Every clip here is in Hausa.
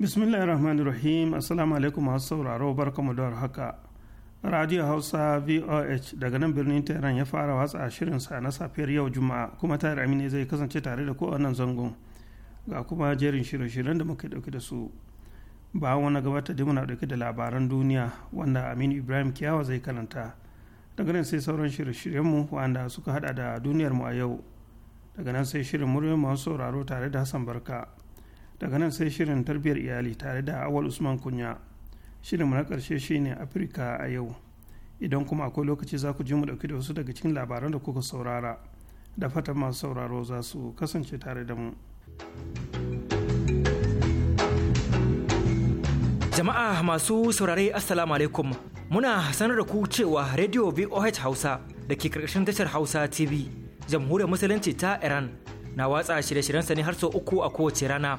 rahim assalamu alaikum masu sauraro barka barkamu da haka radio hausa voh daga nan birnin tehran ya fara watsa shirin sa na safiyar yau juma'a kuma tare amine zai kasance tare da kowannan zangon ga kuma jerin shirin shiryen da muke dauke da su ba wani gabata da muna dauke da labaran duniya wanda aminu ibrahim kiyawa zai karanta daga nan sai sauran shirye-shiryenmu wanda suka hada da duniyar mu a yau daga nan sai shirin muryar masu sauraro tare da hassan barka daga nan sai shirin tarbiyyar iyali tare da awal usman kunya shirinmu na karshe shine afirka a yau idan kuma akwai lokaci za ku ji mu ɗauki da wasu daga cikin labaran da kuka saurara da fatan masu sauraro za su kasance tare da mu jama'a masu saurare assalamu alaikum muna sanar da ku cewa radio voh hausa da ke karkashin tashar hausa tv jamhuriyar musulunci ta iran na watsa shirye shiryen ne har sau uku a kowace rana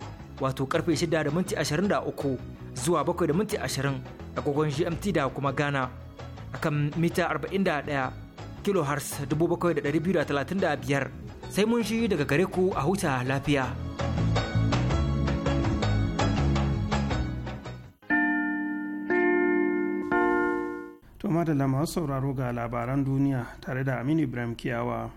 wato karfe 6 da minti 23 zuwa 7 da minti 20 agogon GMT da kuma Ghana akan mita 41 kilohertz 7,235 sai mun shi daga gare ku a huta lafiya. To madalla masu sauraro ga labaran duniya tare da Aminu Ibrahim Kiyawa.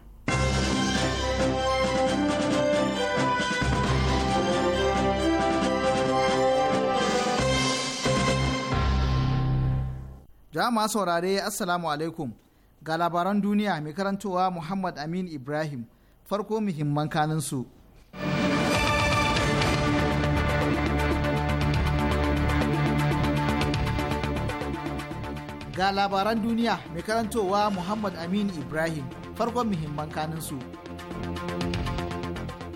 Jama'a saurare Assalamu alaikum ga labaran duniya mai karantowa Muhammad Amin Ibrahim farko muhimman kanin su. Ga labaran duniya mai karantowa Muhammad Amin Ibrahim farko muhimman kanin su.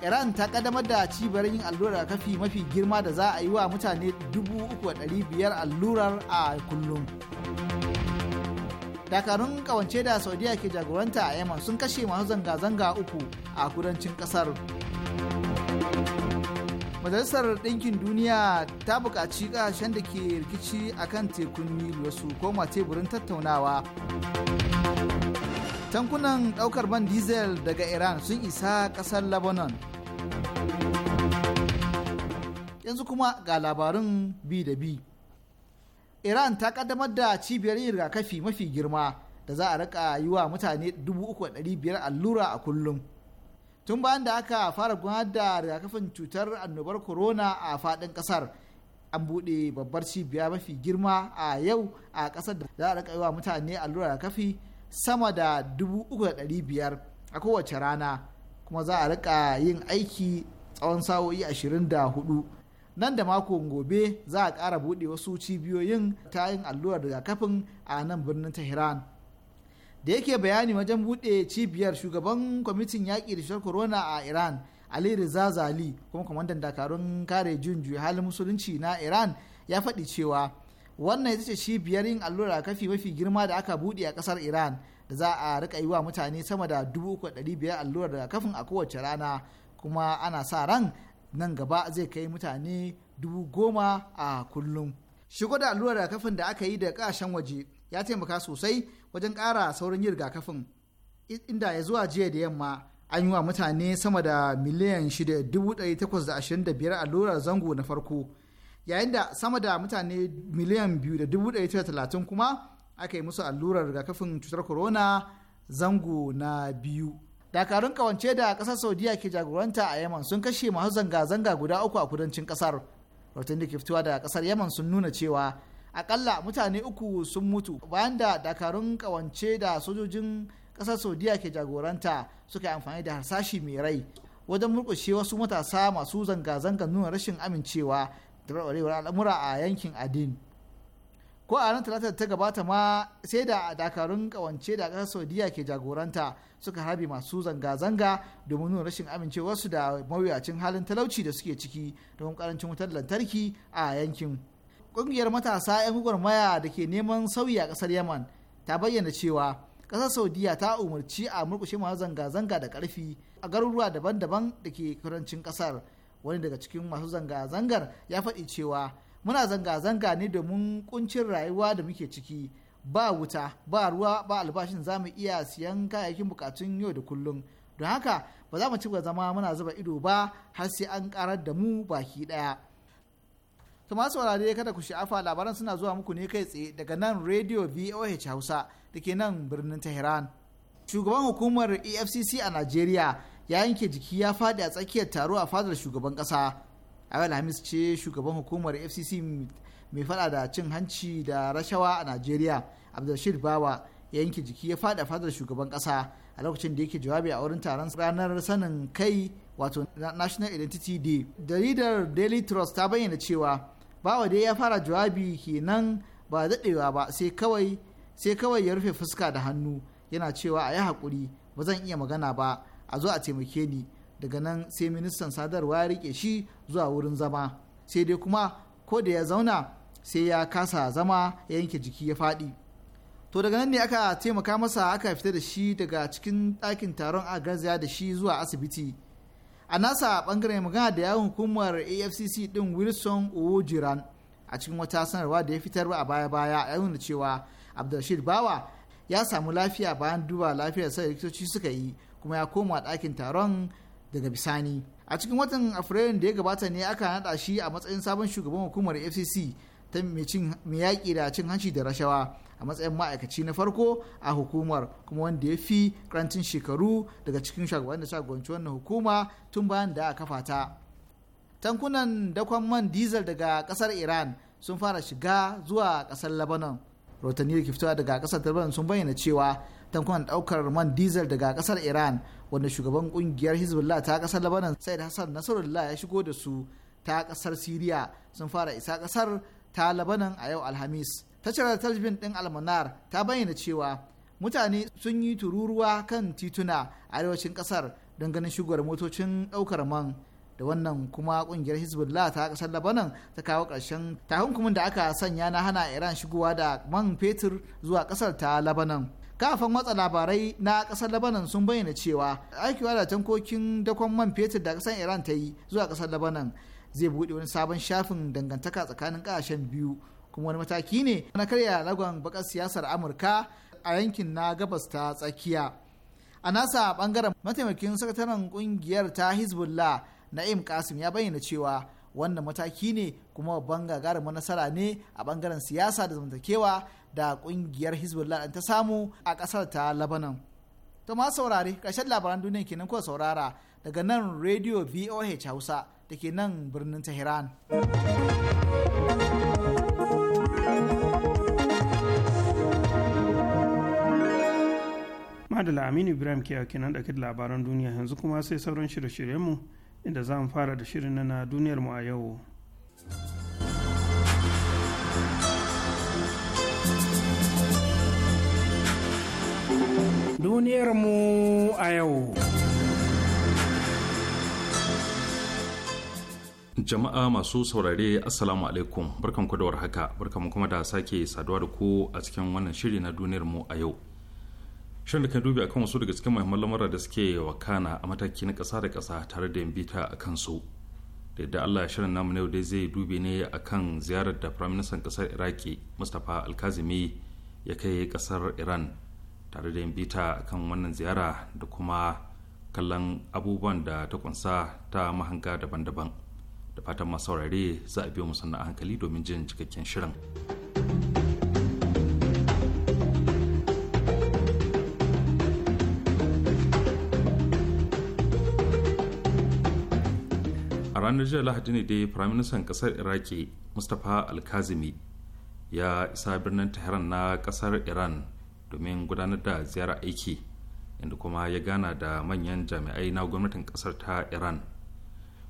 Iran ta kaddamar da cibiyar yin allurar kafi mafi girma da za a yi wa mutane 3,500 allurar a kullum. dakarun kawance da saudiya ke jagoranta a yaman sun kashe masu zanga-zanga uku a kudancin kasar majalisar ɗinkin duniya ta buƙaci ƙasashen da ke rikici akan tekun nilu koma teburin tattaunawa tankunan ɗaukar man diesel daga iran sun isa ƙasar lebanon yanzu kuma ga labarin bi da bi iran ta kaddamar da cibiyar yin rigakafi mafi girma da za a rika yi wa mutane 3,500 allura a kullum tun bayan da aka fara gudanar da rigakafin cutar annobar corona a fadin kasar an buɗe babbar cibiya mafi girma a yau a ƙasar da za a rika yi wa mutane allura rigakafi sama da 3,500 a kowace rana kuma za a rika yin aiki tsawon sa'o'i 24 nan da mako gobe za a kara buɗe wasu cibiyoyin allura allurar rigakafin a nan birnin tehran da yake bayani wajen buɗe cibiyar shugaban kwamitin yaƙi da shirar corona a iran ali riza zali kuma kwamandan dakarun kare jin halin musulunci na iran ya faɗi cewa wannan ita ce cibiyar yin allurar kafi mafi girma da aka buɗe a ƙasar iran da za a rika yi wa mutane sama da 3,500 allurar rigakafin a kowace rana kuma ana sa ran nan gaba zai kai mutane dubu goma a kullum shigo da allurar rigakafin da aka yi da kashen waje ya taimaka sosai wajen ƙara saurin yin rigakafin inda ya zuwa jiya da yamma an yi wa mutane sama da miliyan 6,825 allurar zango na farko yayin da sama da mutane miliyan 2,130 kuma aka yi musu allurar rigakafin cutar corona zango na biyu dakarun kawance da kasar saudiya ke jagoranta a yaman sun kashe masu zanga-zanga guda uku a kudancin kasar rahoton da ke fitowa daga kasar yaman sun nuna cewa akalla mutane uku sun mutu bayan da dakarun kawance da sojojin kasar saudiya ke jagoranta suka yi amfani da harsashi mai rai wajen murkushe wasu matasa masu zanga zanga nuna rashin amincewa da al'amura a yankin adin. ko a ranar talata ta gabata ma sai da dakarun kawance da ƙasar saudiya ke jagoranta suka harbe masu zanga-zanga domin nuna rashin amincewarsu da mawuyacin halin talauci da suke ciki domin karancin wutar lantarki a yankin ƙungiyar matasa 'yan gwagwarmaya da ke neman sauyi a ƙasar yaman ta bayyana cewa ƙasar saudiya ta umarci a murkushe masu zanga-zanga da ƙarfi a garuruwa daban-daban da ke kudancin ƙasar wani daga cikin masu zanga-zangar ya faɗi cewa muna zanga-zanga ne domin kuncin rayuwa da muke ciki ba wuta ba ruwa ba albashin za mu iya siyan kayayyakin bukatun yau da kullum don haka ba za mu ci zama muna zuba ido ba har sai an karar da mu baki daya to masu saurare kada ku sha'afa labaran suna zuwa muku ne kai tsaye daga nan radio voh hausa da ke nan birnin tehran shugaban hukumar efcc a najeriya ya yanke jiki ya faɗi a tsakiyar taro a fadar shugaban ƙasa a alhamis ce shugaban hukumar fcc mai fada da cin hanci da rashawa a najeriya abdulrashid bawa ya yanke jiki ya fada fadar shugaban kasa a lokacin da yake jawabi a wurin taron ranar sanin kai wato national identity day jaridar daily trust ta bayyana cewa bawa dai ya fara jawabi kenan ba daɗewa ba sai kawai sai kawai ya rufe fuska da hannu yana cewa a yi hakuri ba zan iya magana ba a zo a taimake ni daga nan sai ministan sadarwa ya rike shi zuwa wurin zama sai dai kuma ko da ya zauna sai ya kasa zama ya yanke jiki ya faɗi to daga nan ne aka taimaka masa aka fita da shi daga cikin ɗakin taron a garzaya da shi zuwa asibiti a nasa bangaren magana da yawon hukumar afcc din wilson owojiran a cikin wata sanarwa da ya fitar a baya-baya a da cewa abdulrashid bawa ya samu lafiya bayan duba lafiyar sa likitoci suka yi kuma ya koma ɗakin taron daga bisani a cikin watan afrilun da ya gabata ne aka naɗa shi a matsayin sabon shugaban hukumar fcc ta mai yaƙi da cin hanci da rashawa a matsayin ma'aikaci na farko a hukumar kuma wanda ya fi karancin shekaru daga cikin shugaban da shagabanci wannan hukuma tun bayan da aka kafa tankunan dakon man diesel daga kasar iran sun fara shiga zuwa kasar lebanon rotanni da ke daga kasar lebanon sun bayyana cewa tankunan daukar man diesel daga kasar iran wanda shugaban kungiyar hezbollah ta kasar labanan said hassan nasarullah ya shigo da su ta kasar siriya sun fara isa kasar ta labanan a yau alhamis tashar talbin din almanar ta bayyana cewa mutane sun yi tururuwa kan tituna a arewacin kasar don ganin shigowar motocin daukar man da wannan kuma kungiyar hezbollah ta kasar labanan ta kawo ƙarshen takunkumin da aka sanya na hana iran shigowa da man fetur zuwa kasar ta labanan kafin watsa labarai na kasar labanan sun bayyana cewa aikiwa da tankokin dakon man fetur da kasar iran ta yi zuwa kasar labanan zai buɗe wani sabon shafin dangantaka tsakanin ƙasashen biyu kuma wani mataki ne na karya lagon bakar siyasar amurka a yankin na gabas ta tsakiya a nasa bangaren mataimakin sakataren kungiyar ta hezbollah na'im kasim ya bayyana cewa wannan mataki ne kuma babban gagarin nasara ne a bangaren siyasa da zamantakewa da kungiyar hezbollah ta samu a kasar ta labanan to ma saurare karshen labaran duniya kenan ko saurara daga nan radio voh hausa da ke nan birnin tehran madala aminu ibrahim ke kenan ɗauke da labaran duniya yanzu kuma sai sauran shirye-shiryenmu inda za mu fara da shirin na duniyar mu a yau duniyar mu a yau jama'a masu saurare assalamu alaikum barkan ku da warhaka barkan kuma da sake saduwa da ku a cikin wannan shiri na duniyar mu a yau shirin da kan dubi akan wasu daga cikin muhimman lamura da suke wa wakana a mataki na ƙasa da kasa tare da yin bita a kansu da yadda allah ya shirin namu na yau dai zai dubi ne akan ziyarar da firaministan ƙasar iraki mustapha alkazimi ya kai kasar iran tare da yin a kan wannan ziyara da kuma kallon abubuwan da ta kunsa ta mahanga daban-daban da fatan masu saurare za a biyo a hankali domin jin cikakken shirin. ranar jiya lahadi ne dai firaministan kasar iraki mustapha alkazimi ya isa birnin tehran na kasar iran domin gudanar da ziyara aiki inda kuma ya gana da manyan jami'ai na gwamnatin kasar ta iran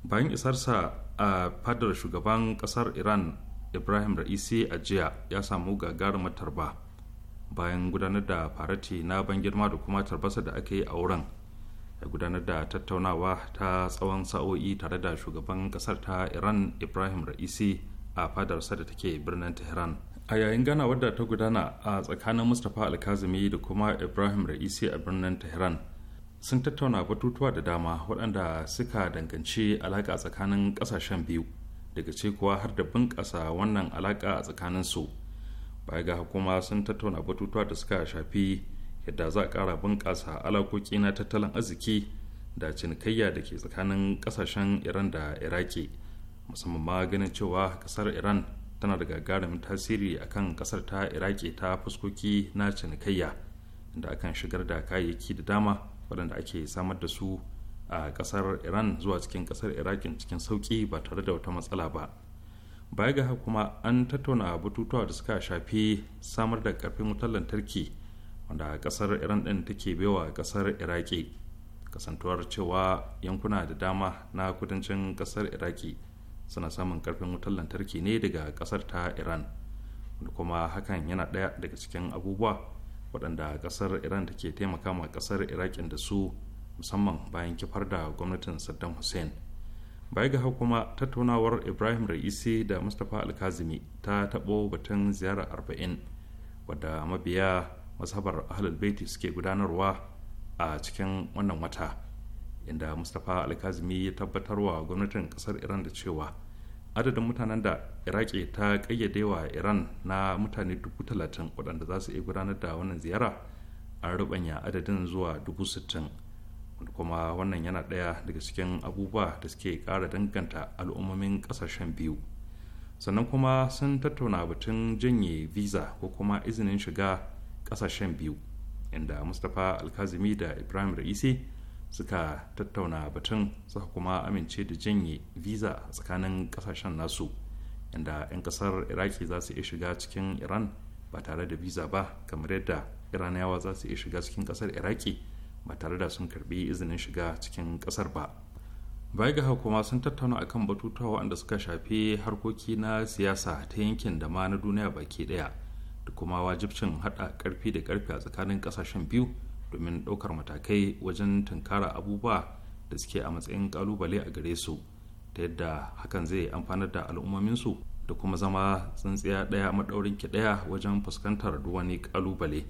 bayan isarsa a fadar shugaban kasar iran ibrahim ra'isi a jiya ya samu gagarumar matarba bayan gudanar da farati na ban girma da kuma tarbasa da aka yi a wurin da gudanar da tattaunawa ta tsawon sa'o'i tare da shugaban kasar ta iran ibrahim ra'isi a fadarsa da take birnin tehran a yayin gana wadda ta gudana a tsakanin mustapha alkazumi da kuma ibrahim ra'isi a birnin tehran sun tattauna batutuwa da dama waɗanda suka danganci alaƙa tsakanin ƙasashen biyu daga ce kuwa har da bunƙasa wannan alaƙa a tsakanin su baya ga kuma sun tattauna batutuwa da suka shafi yadda za a kara bunƙasa alakoki na tattalin arziki da cinikayya da ke tsakanin ƙasashen iran da iraki musamman ma ganin cewa ƙasar iran tana da gagarumin tasiri a kan ƙasar ta iraki ta fuskoki na cinikayya da akan shigar da kayayyaki da dama waɗanda ake samar da su a ƙasar iran zuwa cikin ƙasar iraki cikin sauki ba tare da wata matsala ba baya ga kuma an tattauna batutuwa da suka shafi samar da ƙarfin wutar lantarki wanda kasar iran din take baiwa kasar iraki kasantuwar cewa yankuna da dama na kudancin kasar iraki suna samun karfin wutar lantarki ne daga kasar ta iran wanda kuma hakan yana ɗaya daga cikin abubuwa waɗanda kasar iran take taimaka ma kasar iraki da su musamman bayan kifar da gwamnatin saddam hussein baya ga kuma tattaunawar ibrahim ra'isi da mustapha alkazimi ta taɓo batun ziyara arba'in wadda mabiya mazhabar ahlul baiti suke gudanarwa a cikin wannan wata inda mustapha alkazimi ya tabbatarwa gwamnatin kasar iran da cewa adadin mutanen da iraki ta kayyadewa iran na mutane dubu talatin waɗanda za su iya gudanar da wannan ziyara an rubanya adadin zuwa dubu sittin kuma wannan yana ɗaya daga cikin abubuwa da suke ƙara danganta al'ummomin ƙasashen biyu sannan kuma sun tattauna batun janye visa ko kuma izinin shiga kasashen biyu inda mustapha alkazimi da ibrahim ra'isi suka tattauna batun suka kuma amince da janye visa tsakanin kasashen nasu inda 'yan kasar iraki za su iya shiga cikin iran ba tare da visa ba kamar yadda iraniyawa za su iya shiga cikin kasar iraki ba tare da sun karbi izinin shiga cikin kasar ba baya ga kuma sun tattauna akan batutuwa wanda suka shafi harkoki na siyasa ta yankin da ma na duniya baki ɗaya da kuma wajibcin hada karfi da karfi a tsakanin kasashen biyu domin daukar matakai wajen tunkara abubuwa da suke a matsayin kalubale a gare su ta yadda hakan zai amfanar da al'ummominsu da kuma zama tsintsiya ɗaya maɗaurin ki daya wajen fuskantar wani kalubale.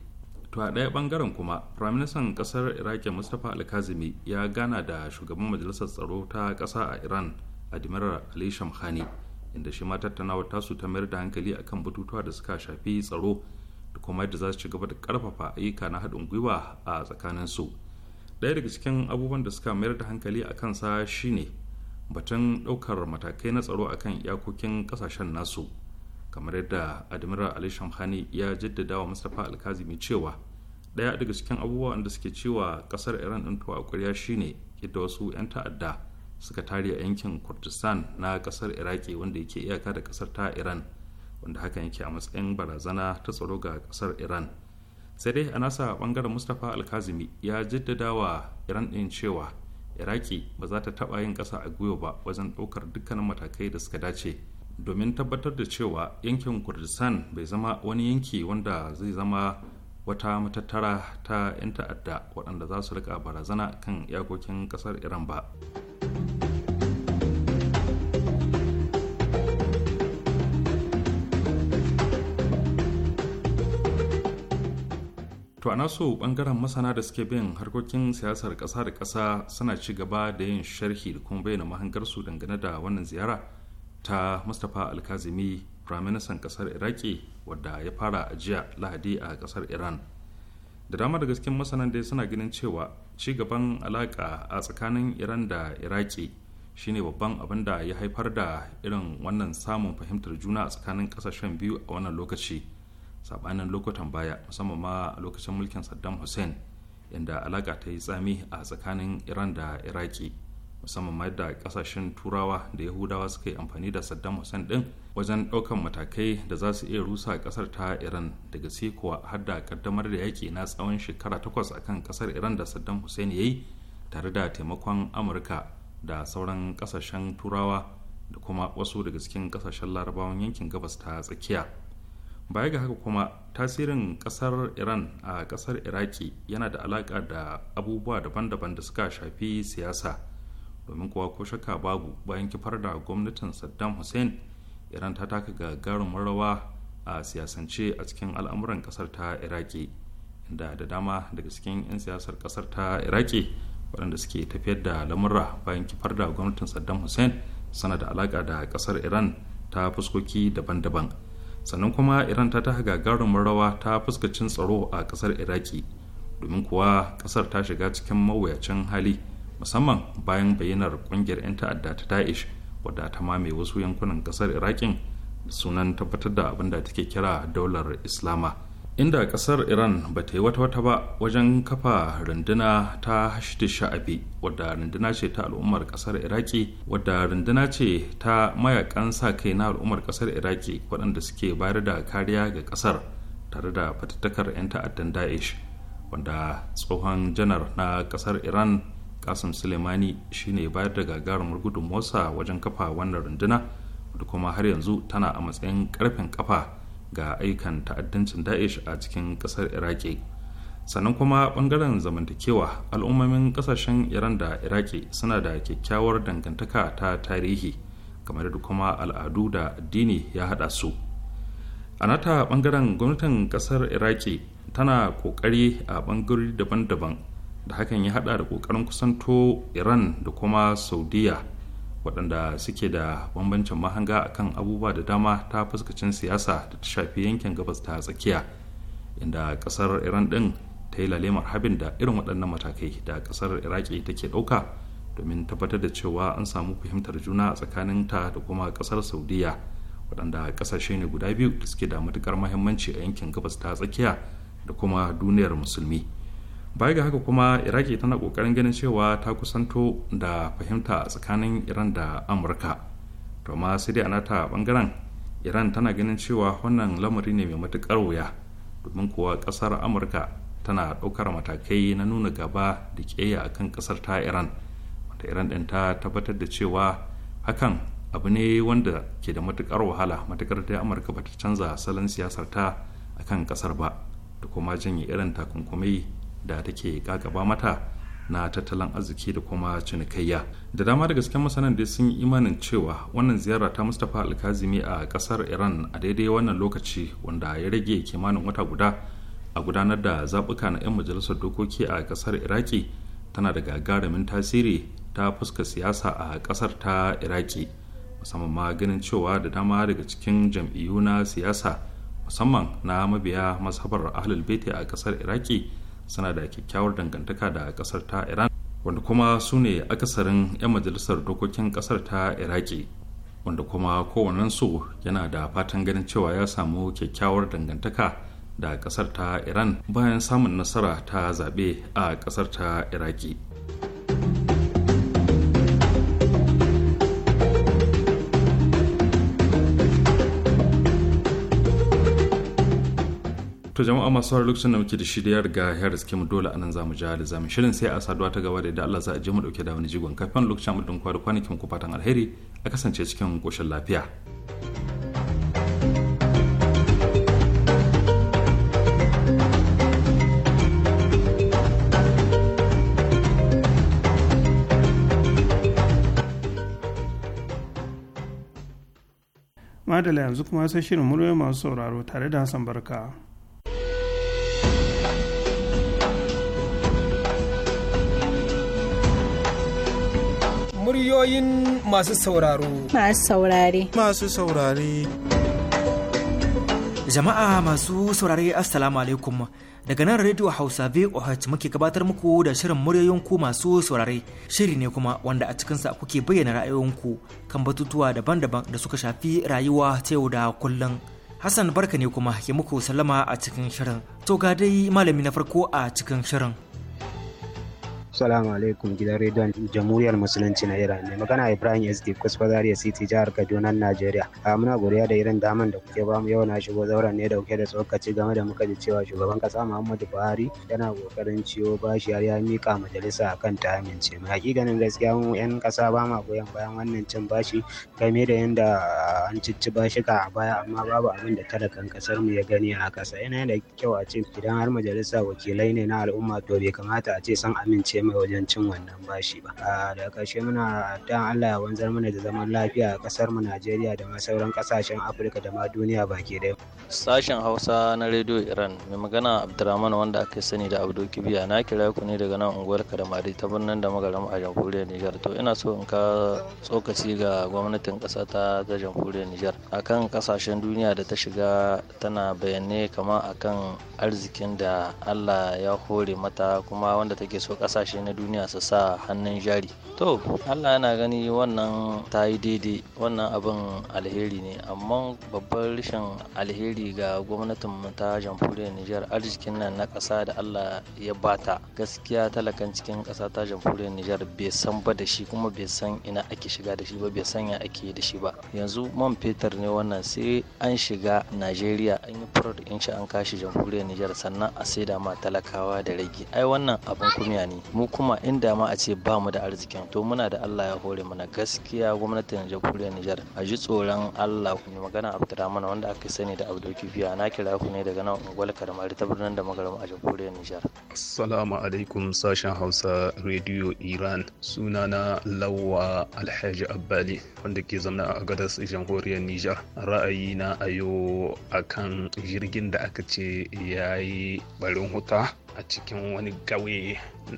to a ɗaya bangaren kuma firaministan ƙasar iraki mustapha alkazimi ya gana da shugaban majalisar tsaro ta ƙasa a iran admiral ali shamkhani inda shi ma tattaunawa tasu ta mayar da hankali akan batutuwa da suka shafi tsaro da kuma yadda za su ci gaba da karfafa ayyuka na haɗin gwiwa a tsakanin su ɗaya daga cikin abubuwan da suka mayar da hankali a kansa shine batun ɗaukar matakai na tsaro akan iyakokin ƙasashen nasu kamar yadda admiral ali shamhani ya jaddada wa mustapha alkazimi cewa ɗaya daga cikin abubuwan da suke cewa ƙasar iran ɗin to a ƙwarya shine yadda wasu 'yan ta'adda suka tare a yankin kurdistan na kasar iraki wanda yake iyaka da kasar ta iran wanda hakan yake a matsayin barazana ta tsaro ga kasar iran sai dai a nasa bangaren mustapha alkazimi ya jaddada wa iran din cewa iraki ba za ta taba yin kasa a gwiwa ba wajen daukar dukkanin matakai da suka dace domin tabbatar da cewa yankin kurdistan bai zama wani yanki wanda zai zama wata matattara ta 'yan ta'adda waɗanda za su rika barazana kan iyakokin ƙasar iran ba. to a nasu bangaren masana da suke bin harkokin siyasar ƙasa da ƙasa suna ci gaba da yin sharhi da kuma bayyana mahangarsu dangane da wannan ziyara ta mustapha alkazimi firaministan ƙasar iraki wadda ya fara a jiya lahadi a ƙasar iran da dama da gasken masanan da suna ganin cewa ci gaban alaka a tsakanin iran da iraki shine babban abin da ya haifar da irin wannan samun fahimtar juna a tsakanin ƙasashen biyu a wannan lokaci sabanin lokutan baya musamman ma a lokacin mulkin saddam hussein inda alaka ta yi tsami a tsakanin iran da iraki musamman ma yadda kasashen turawa da yahudawa suka yi amfani da saddam hussein din wajen daukan matakai da za su iya rusa kasar ta iran daga sai kuwa har da kaddamar da yaki na tsawon shekara takwas akan kasar iran da saddam hussein ya yi tare da taimakon amurka da sauran kasashen turawa da kuma wasu daga cikin kasashen larabawan yankin gabas ta tsakiya baya ga haka kuma tasirin kasar iran a kasar iraki yana da alaka da abubuwa daban-daban da suka shafi siyasa domin kuwa ko shakka babu bayan kifar da gwamnatin saddam hussein iran ta taka gagarumin rawa a siyasance a cikin al'amuran kasar ta iraki inda da dama daga cikin 'yan siyasar kasar ta iraki waɗanda suke tafiyar da lamurra bayan kifar da gwamnatin saddam hussein sana da alaka da kasar iran ta fuskoki daban-daban sannan kuma iran ta taha gagarumin rawa ta fuskacin tsaro a kasar iraki domin kuwa kasar ta shiga cikin mawuyacin hali musamman bayan bayyanar kungiyar 'yan ta'adda ta daesh wadda ta mame wasu yankunan kasar irakin sunan tabbatar da abin da take kira daular islama inda kasar iran ba ta yi wata wata ba wajen kafa runduna ta hashti sha'abi wadda runduna ce ta al'ummar kasar iraki wadda runduna ce ta mayakan sa kai na al'ummar kasar iraki waɗanda suke bayar da kariya ga kasar tare da fatattakar 'yan ta'addan daesh wanda tsohon janar na kasar iran kasim suleimani shine bayar da gagarumar gudunmuwarsa wajen kafa wannan runduna wadda kuma har yanzu tana a matsayin karfin kafa ga aikan ta'addancin da'ish a cikin kasar iraki sannan kuma bangaren zamantakewa al'ummomin kasashen iran da iraki suna da kyakkyawar dangantaka ta tarihi kamar da kuma al'adu da addini ya hada su a nata bangaren gwamnatin kasar iraki tana kokari a bangarori daban-daban da hakan ya hada da kokarin kusanto iran da kuma saudiya waɗanda suke da bambancin mahanga a kan abubuwa da dama ta fuskacin siyasa da ta shafi yankin gabas ta tsakiya inda ƙasar iran ɗin ta yi lalemar habin da irin waɗannan matakai da ƙasar iraki take ɗauka domin tabbatar da cewa an samu fahimtar juna a tsakanin ta da kuma ƙasar saudiya waɗanda ƙasashe ne guda biyu da suke da matuƙar mahimmanci a yankin gabas ta tsakiya da kuma duniyar musulmi baya ga haka kuma iraki tana kokarin ganin cewa ta kusanto da fahimta a tsakanin iran da amurka to ma sai dai a nata bangaren iran tana ganin cewa wannan lamari ne mai matukar wuya domin kuwa kasar amurka tana ɗaukar matakai na nuna gaba da ƙeya akan kasar ta iran wanda iran ɗin ta tabbatar da cewa hakan abu ne wanda ke da matukar wahala matukar da amurka bata canza salon siyasar ta akan kasar ba da kuma janye irin takunkumai da take kakaba mata na tattalin arziki da kuma cinikayya da dama da gasken masanan da sun yi imanin cewa wannan ziyara ta mustapha alkazimi a kasar iran a daidai wannan lokaci wanda ya rage kimanin wata guda a gudanar da zabuka na 'yan majalisar dokoki a kasar iraki tana da gagarumin tasiri ta fuska siyasa a kasar ta iraki musamman ma ganin cewa da dama daga cikin jam'iyyu na siyasa musamman na mabiya masabar ahlul baiti a kasar iraki suna da kyakkyawar dangantaka da kasar ta iran wanda kuma su ne akasarin 'yan majalisar dokokin kasar ta iraki wanda kuma kowannensu su yana da fatan ganin cewa ya samu kyakkyawar dangantaka da kasar ta iran bayan samun nasara ta zaɓe a kasar ta iraki to jama'a masu har lokacin da muke da shi da ya riga ya riske mu dole anan zamu ja da zamu shirin sai a saduwa ta gaba da idan Allah za a je mu dauke da wani jigon kafin lokacin mu dinkwa da kwanakin ku fatan alheri a kasance cikin koshin lafiya Madala yanzu kuma sai shirin muryoyi masu sauraro tare da Hassan Barka. Muryoyin masu sauraro. Masu saurare. Masu saurare. Jama'a masu saurare Assalamu alaikum. Daga nan Radio Hausa VOH muke gabatar muku da shirin muryoyin ku masu saurare. Shiri ne kuma wanda a cikinsa kuke bayyana ra'ayoyinku kan batutuwa daban-daban da suka shafi rayuwa ta yau da kullum. Hassan barka ne kuma ke muku sallama a cikin shirin. To ga dai malami na farko a cikin shirin. Salamu alaikum gidan rediyon Jamhuriyar Musulunci na Iran. Mai magana Ibrahim SD Kusfa Zaria City jihar Kaduna Najeriya. A ah, muna godiya da irin daman da kuke bamu yau na shigo zauren ne da kuke da tsokaci game da muka ji cewa shugaban kasa Muhammadu Buhari yana kokarin ciwo bashi har ya mika majalisa akan ta amince. Mai hakikanin gaskiya mu yan kasa ba ma goyon bayan wannan cin bashi game da yanda an cicci bashi ka a baya amma babu abin da talakan kasar mu ya gani a kasa. Yana da kyau a ce idan har majalisa wakilai ne na al'umma to bai kamata a ce sun amince taimake mai wajen cin wannan bashi ba a daga ƙarshe muna addu'an Allah ya wanzar mana da zaman lafiya a ƙasar mu Najeriya da ma sauran ƙasashen Afirka da ma duniya baki ɗaya sashen Hausa na Radio Iran mai magana Abdurrahman wanda aka sani da Abdul Kibiya na kira ku ne daga nan unguwar Kadamari ta birnin da magaram a jamhuriyar Nijar to ina so in ka tsokaci ga gwamnatin ƙasa ta ta jamhuriyar Nijar akan ƙasashen duniya da ta shiga tana bayanai kama akan arzikin da Allah ya hore mata kuma wanda take so ƙasashen kasashe na duniya su sa hannun jari to allah yana gani wannan ta yi daidai wannan abin alheri ne amma babban rashin alheri ga gwamnatin mu ta jamhuriyar nijar arzikin nan na ƙasa da allah ya bata gaskiya talakan cikin ƙasa ta jamhuriyar nijar bai san ba da shi kuma bai san ina ake shiga da shi ba bai san ya ake da shi ba yanzu man fetur ne wannan sai an shiga najeriya an yi fraud in shi an kashi jamhuriyar nijar sannan a saida ma talakawa da rage ai wannan abin kunya ne mu kuma inda ma a ce ba mu da arzikin to muna da Allah ya hore mana gaskiya gwamnatin jamhuriyar Nijar a ji tsoron Allah ku ne magana Abdurrahman wanda aka sani da Abdul Kibiya na kira ku ne daga nan unguwar Karmari ta birnin da magaram a jamhuriyar Nijar Assalamu alaikum sashen Hausa rediyo Iran sunana Lawa Alhaji Abbali wanda ke zama a gadas jamhuriyar Nijar ra'ayi na a yau akan jirgin da aka ce yayi barin huta a cikin wani gawe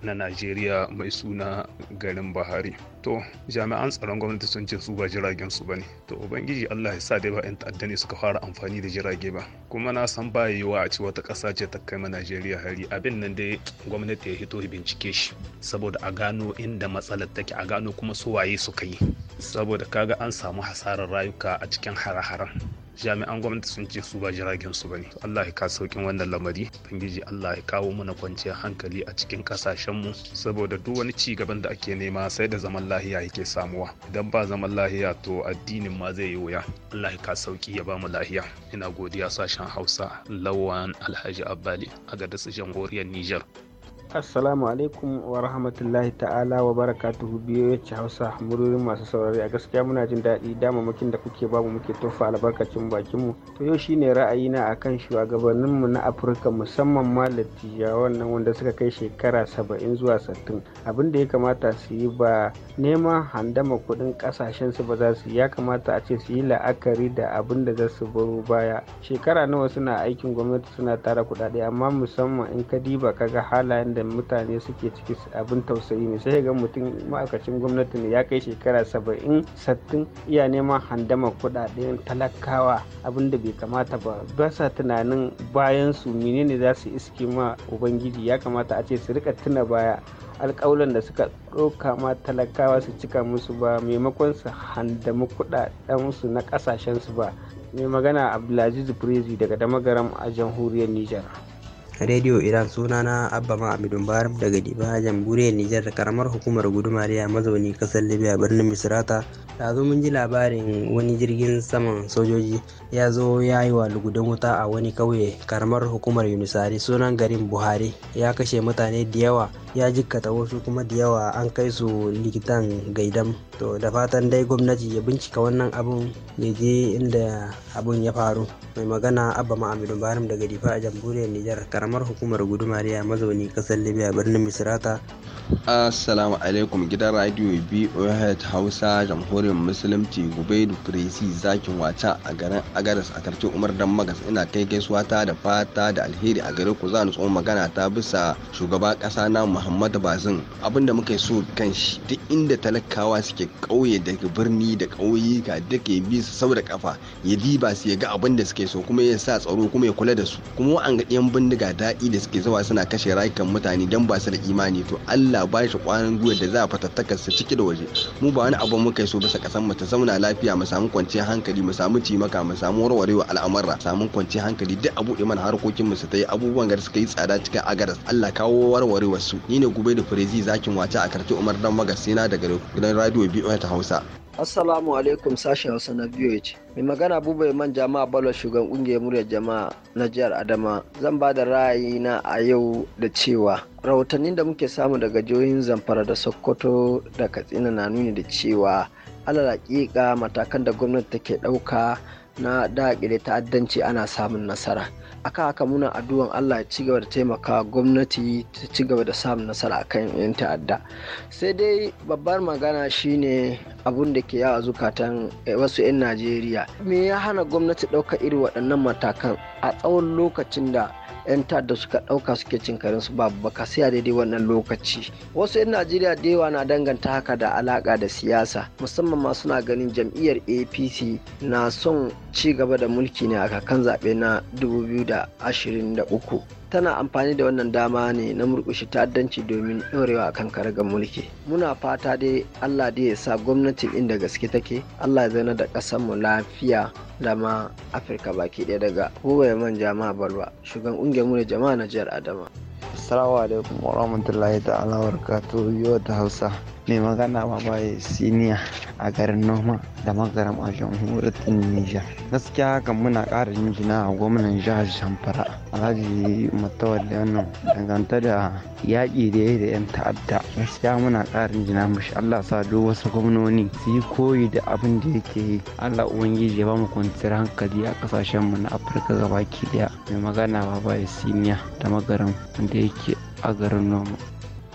na najeriya mai suna garin bahari to jami'an tsaron gwamnati sun ce su ba jiragen su bane to ubangiji allah ya sa dai ba 'yan ta'adda ne suka fara amfani da jirage ba kuma na san ba yiwa a ci wata ƙasa ce ta kai ma najeriya hari abin nan dai gwamnati ya hito bincike shi saboda a gano inda matsalar take a gano kuma su waye suka yi saboda kaga an samu hasarar rayuka a cikin hare-haren jami'an gwamnati sun ce su ba jiragen su bane Allah ya ka saukin wannan lamari bangiji Allah ya kawo mana kwanciyar hankali a cikin kasashen mu saboda duk wani ci gaban da ake nema sai da zaman lahiya yake samuwa idan ba zaman lahiya to addinin ma zai yi wuya Allah ya ka sauki ya ba mu lahiya ina godiya sashen Hausa lawan Alhaji Abbali a gadar jamhuriyar Niger Assalamu alaikum wa rahmatullahi ta'ala wa barakatuhu biyo ya ci Hausa murorin masu saurari a gaskiya muna jin daɗi damamakin da kuke mu muke tofa albarkacin bakinmu. To yau shine ra'ayina akan shugabanninmu na Afirka musamman ma lattijawan wannan wanda suka kai shekara saba'in zuwa sittin abin da ya kamata su yi ba neman handama kuɗin kasashen su ba za su ya kamata a ce su yi la'akari da abin da za su baro baya. Shekara nawa suna aikin gwamnati suna tara kuɗaɗe amma musamman in ka diba kaga halayen da da mutane suke ciki abin tausayi ne sai ga mutum ma'aikacin gwamnati ne ya kai shekara saba'in sattin iya neman handama kudaden talakawa abin da bai kamata ba ba sa tunanin bayan su menene za su iske ma ubangiji ya kamata a ce su rika tuna baya alƙawuran da suka ɗauka ma talakawa su cika musu ba maimakon su handami kudaden su na ƙasashen su ba mai magana abdulaziz prezi daga damagaram a jamhuriyar nijar Radio Iran sunana Abba Ma'amidun Baram daga Diba jamhuriyar Nijar da karamar hukumar gudumariya mazauni kasar Libya birnin Misrata. Yanzu mun ji labarin wani jirgin saman sojoji ya zo ya yi wa lugudan wuta a wani kauye karamar hukumar Yunusari sunan garin Buhari ya kashe mutane da yawa ya jikkata wasu kuma da yawa an kai su likitan gaidam. To da fatan dai gwamnati ya bincika wannan abun ya je inda abun ya faru. Mai magana Abba Ma'amidun Baram daga Diba a jamhuriyar Nijar karamar kamar hukumar gudumariya mazauni kasar libya birnin misrata assalamu alaikum gidan radio boh hausa jamhuriyar musulunci gubaidu presi zakin wata a garin agaris a karshen umar dan magas ina kai gaisuwa ta da fata da alheri a gare ku za nutsu magana ta bisa shugaba kasa na muhammadu bazin abinda muka so kan shi duk inda talakawa suke kauye daga birni da ƙauyuka duk ya bi su sau da kafa ya diba su ya ga abinda suke so kuma ya sa tsaro kuma ya kula da su kuma wa'an ga bindiga daɗi da suke zuwa suna kashe rayukan mutane don ba su da imani to Allah ba shi kwanan gwiwar da za a fatattaka su ciki da waje mu ba wani abu muka so bisa kasan mu ta zauna lafiya mu samu kwanciyar hankali mu samu cimaka mu samu warwarewa al'amarra samu kwanciyar hankali duk a buɗe mana harkokin mu su ta yi abubuwan da suka yi tsada cikin agaras Allah kawo warwarewa su ni ne gube da firezi zakin wace a karti Umar dan magasina daga gidan radio BOA ta Hausa Assalamu alaikum sashen Hausa na VOH. Mai magana buba man jama'a bala shugaban kungiyar muryar jama'a na jihar Adama. Zan ba da ra'ayina a yau da cewa rahotannin da muke samu daga jihohin Zamfara da Sokoto da Katsina na nuni da cewa alal matakan da gwamnati take ɗauka na daƙile ta'addanci ana samun nasara aka haka muna addu'an Allah ya ci gaba da taimaka gwamnati ta ci gaba da samun nasara a kan yan ta'adda sai dai babbar magana shine abun da ke yawa zukatan eh, wasu 'yan Najeriya me ya hana gwamnati ɗauka irin waɗannan matakan a tsawon lokacin da 'yan ta'adda suka ɗauka suke cin karin su babu baka sai a daidai wannan lokaci wasu 'yan najeriya da yawa na danganta haka da alaƙa da siyasa musamman ma suna ganin jam'iyyar apc na son ci gaba da mulki ne a kakan zaɓe na 2023 tana amfani da wannan dama ne na murkushe ta'addanci domin ɗorewa akan ga mulki muna fata dai allah ya sa gwamnatin inda gaske take allah ya zana da mu lafiya da ma afirka baki ɗaya daga kowai man jama'a balwa shugan ƙungiyar mu jama'a na jihar adama assalamu alaikum wa rahmatullahi ta'ala wa yau ta hausa mai magana ya siniya a garin noma da magaram a jamhuriyar nijar gaskiya kan muna ƙara jina a gwamnan jihar zamfara alhaji matawar da wannan danganta da yaƙi da ya da yan ta'adda gaskiya muna ƙara jina mashi allah sa duk wasu gwamnoni su yi koyi da abin da yake yi allah ubangiji ya ba mu kwanciyar hankali a kasashen mu na afirka gabaki daya mai magana ya siniya da magaram da yake a garin noma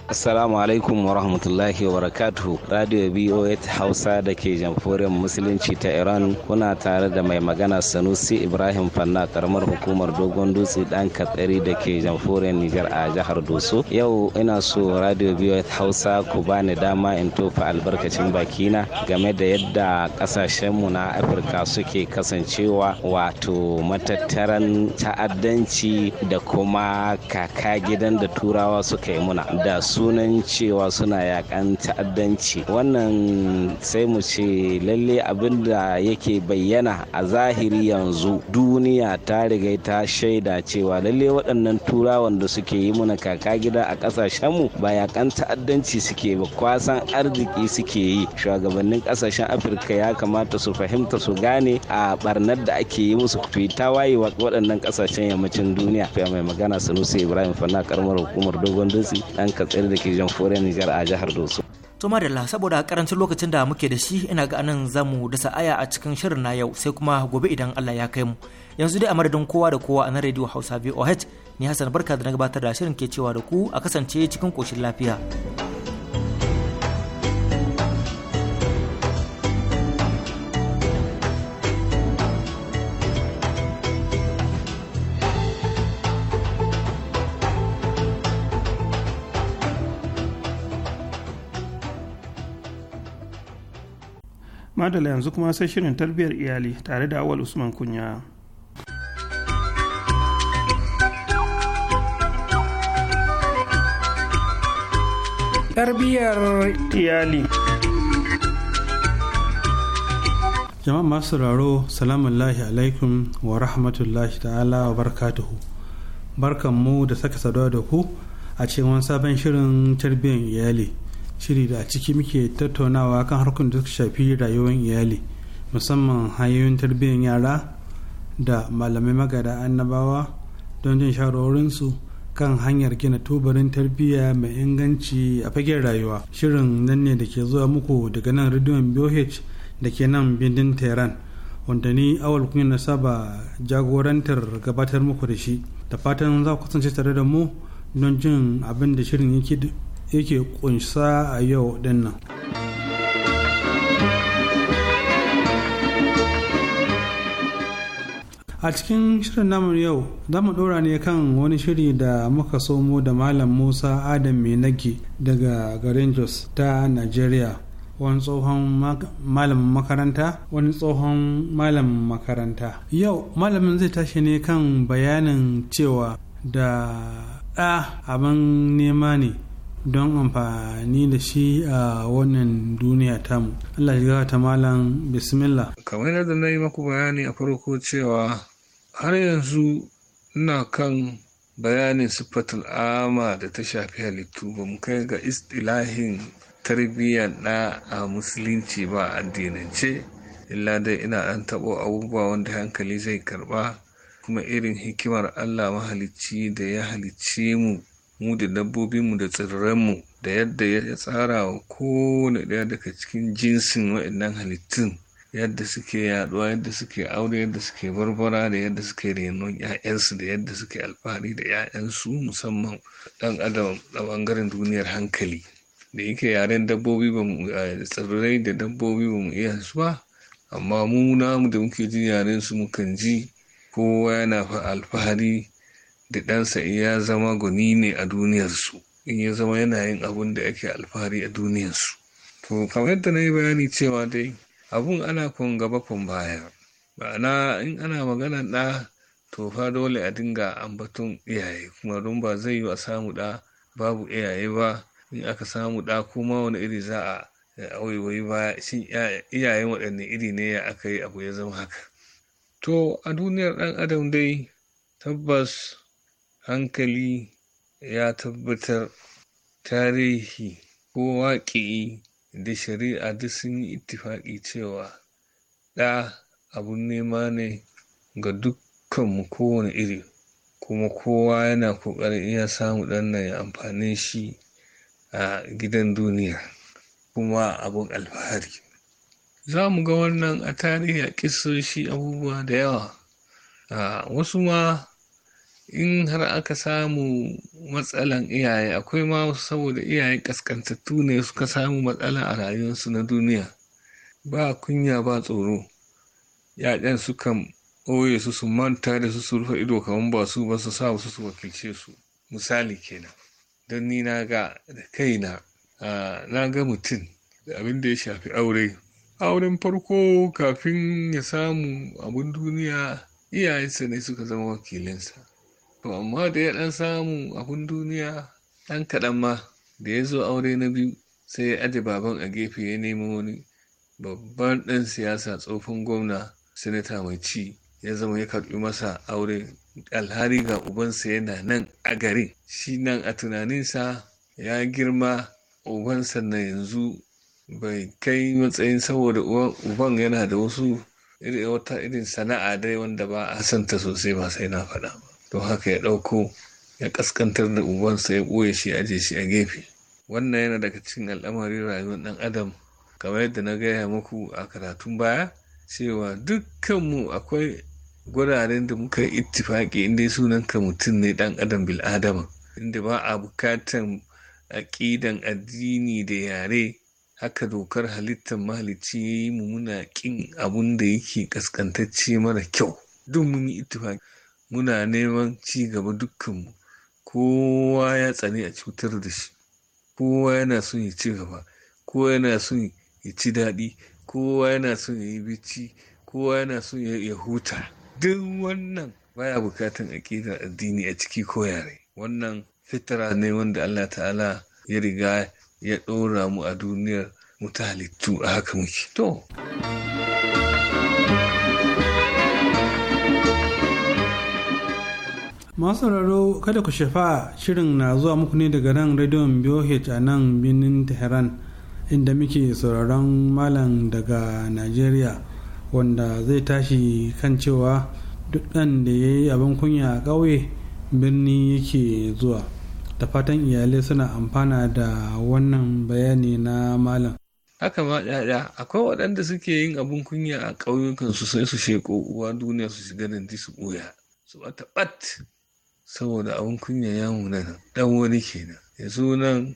Assalamu alaikum wa rahmatullahi wa barakatuhu. Radio BOH Hausa da ke jamhuriyar Musulunci ta Iran kuna tare da mai magana Sanusi Ibrahim Fanna karamar hukumar Dogon Dutse dan Katsari da ke jamhuriyar Nijar a jihar Doso. Yau ina so Radio BOH Hausa ku bani dama in tofa albarkacin bakina game da yadda kasashenmu na Afirka suke kasancewa wato matattaran ta'addanci da kuma kaka gidan da turawa suka yi muna da su sunan cewa suna yakan ta'addanci wannan sai mu ce lalle abin da yake bayyana a zahiri yanzu duniya ta riga ta shaida cewa lalle waɗannan turawan da suke yi muna kaka gida a ƙasashenmu ba yakan ta'addanci suke ba kwasan arziki suke yi shugabannin ƙasashen afirka ya kamata su fahimta su gane a barnar da ake yi musu fita waye waɗannan ƙasashen yammacin duniya mai magana sanusi ibrahim fana karamar hukumar dogon dutse ɗan katsina ashirin da ke jamhuriyar Nijar a jihar Doso. To madalla saboda karancin lokacin da muke da shi ina ga anan za mu dasa aya a cikin shirin na yau sai kuma gobe idan Allah ya kai mu. Yanzu dai a madadin kowa da kowa na nan Radio Hausa VOH ni Hassan Barka da na gabatar da shirin ke cewa da ku a kasance cikin koshin lafiya. madala yanzu kuma sai shirin tarbiyyar iyali tare da awal usman kunya tarbiyyar iyali jama'a masu raro salamun lahi alaikum wa rahmatullahi ta'ala wa barkatuhu barkan mu da saka saduwa da ku a cikin sabon shirin tarbiyyar iyali shiri da a ciki muke tattaunawa kan harkun da suka shafi rayuwar iyali musamman hanyoyin tarbiyyar yara da malamai magada annabawa don jin shawarorinsu kan hanyar gina tubarin tarbiyya mai inganci a fagen rayuwa shirin nan ne da ke zuwa muku daga nan rediyon boh da ke nan birnin tehran wanda ni awal kunyar na saba jagorantar gabatar muku da shi da fatan za ku kasance tare da mu don jin abin da shirin yake yake kunsa a yau dinnan. a cikin shirin namun yau za mu ɗora ne kan wani shiri da muka somo da malam musa adam menage daga garin jos ta nigeria wani tsohon malamin makaranta wani tsohon malamin makaranta yau malamin zai tashi ne kan bayanin cewa da ɗa abin nema ne don amfani da shi a wannan duniya tamu allah shiga ta malam bismillah kamar yadda na yi maku bayani a farko cewa har yanzu ina kan bayanin siffatul ama da ta shafi halittu ba mu kai ga istilahin tarbiyyar ɗa a musulunci ba addinance illa dai ina ɗan taɓo abubuwa wanda hankali zai karɓa kuma irin hikimar allah mahalicci da ya halicci mu mu da dabbobinmu da tsirranmu da yadda ya tsara wa kowane ɗaya daga cikin jinsin waɗannan halittun yadda suke yaɗuwa yadda suke aure yadda suke barbara da yadda suke renon 'ya'yansu da yadda suke alfahari da 'ya'yansu musamman ɗan adam a ɓangaren duniyar hankali da yake yaren dabbobi ba mu eh, tsirrai da dabbobi ba mu iya su ba amma mu namu da muke jin yaren su mukan ji kowa yana fa alfahari da ɗansa in ya zama gwani ne a duniyarsu in ya zama yana yin abun da yake alfahari a duniyarsu to kamar yadda na yi bayani cewa dai abun ana kun gaba kun baya ma'ana in ana magana ɗa to fa dole a dinga ambaton iyaye kuma don ba zai yi a samu ɗa babu iyaye ba in aka samu ɗa kuma wani iri za a awaiwai eh, ba shin iyayen waɗanne iri ne ya aka yi abu ya zama haka to a duniyar ɗan adam dai tabbas hankali ya tabbatar tarihi ko waƙe da shari'a duk sun yi ittifaƙi cewa ɗa abun nema ne ga dukkanmu kowane iri kuma kowa yana ƙoƙarin iya samu ɗan nan ya shi a gidan duniya kuma abun alfahari za mu ga wannan a tarihi a shi abubuwa da yawa a wasu ma in har aka samu matsalan iyaye akwai ma wasu saboda iyaye kaskantattu ne suka samu matsala a rayuwarsu na duniya ba kunya ba tsoro yaƙen sukan ɓoye su su manta da su su rufe ido kamar ba su ba su sa wasu su wakilce su misali kenan don ni na ga da kaina na ga mutum da abin da ya shafi aure auren farko kafin ya samu abin duniya iyayensa ne suka zama wakilinsa to amma da ya ɗan samu abun duniya ɗan kaɗan ma da ya zo aure na biyu sai ya aje baban a gefe ya nemo wani babban ɗan siyasa tsofin gwamna sanata mai ci ya zama ya karɓi masa aure alhari ga ubansa yana nan a garin shi nan a tunaninsa ya girma ubansa na yanzu bai kai matsayin saboda uban yana da wasu wata irin sana'a dai wanda ba a santa sosai ba sai na faɗa to haka ya ɗauko ya ƙaskantar da ubansa ya ɓoye shi ya aje shi a gefe wannan yana daga cikin al'amarin rayuwar ɗan adam kamar yadda na gaya muku a karatun baya cewa dukkanmu akwai guraren da muka yi ittifaƙi inda sunanka mutum ne ɗan adam bil adama inda ba a bukatan aƙidan addini da yare haka dokar halittar mahalicci ya yi mu muna ƙin abun da yake ƙasƙantacce mara kyau duk mun yi ittifaƙi muna neman ci gaba dukkanmu kowa ya tsani a cutar da shi kowa yana son ya ci gaba kowa yana son ya ci daɗi kowa yana son ya yi bacci kowa yana son ya huta duk wannan baya bukatan aƙidar addini a ciki ko yare wannan fitara ne wanda allah ta'ala ya riga ya ɗora mu a duniyar mu ta halittu a haka muke to masararo kada ku shafa shirin na zuwa muku ne daga ran rediyon BOH a nan binin Tehran inda muke sauraron malam daga nigeria wanda zai tashi kan cewa duk ɗan da ya yi abin kunya a ƙauye birni yake zuwa da fatan iyalai suna amfana da wannan bayani na malam haka ma ɗaya akwai waɗanda suke yin abin kunya a ƙauyukan su sai su sheko uwa duniya su shiga su ɓoya su ɓata ɓat saboda abin kunya ya munana dan wani kenan ya nan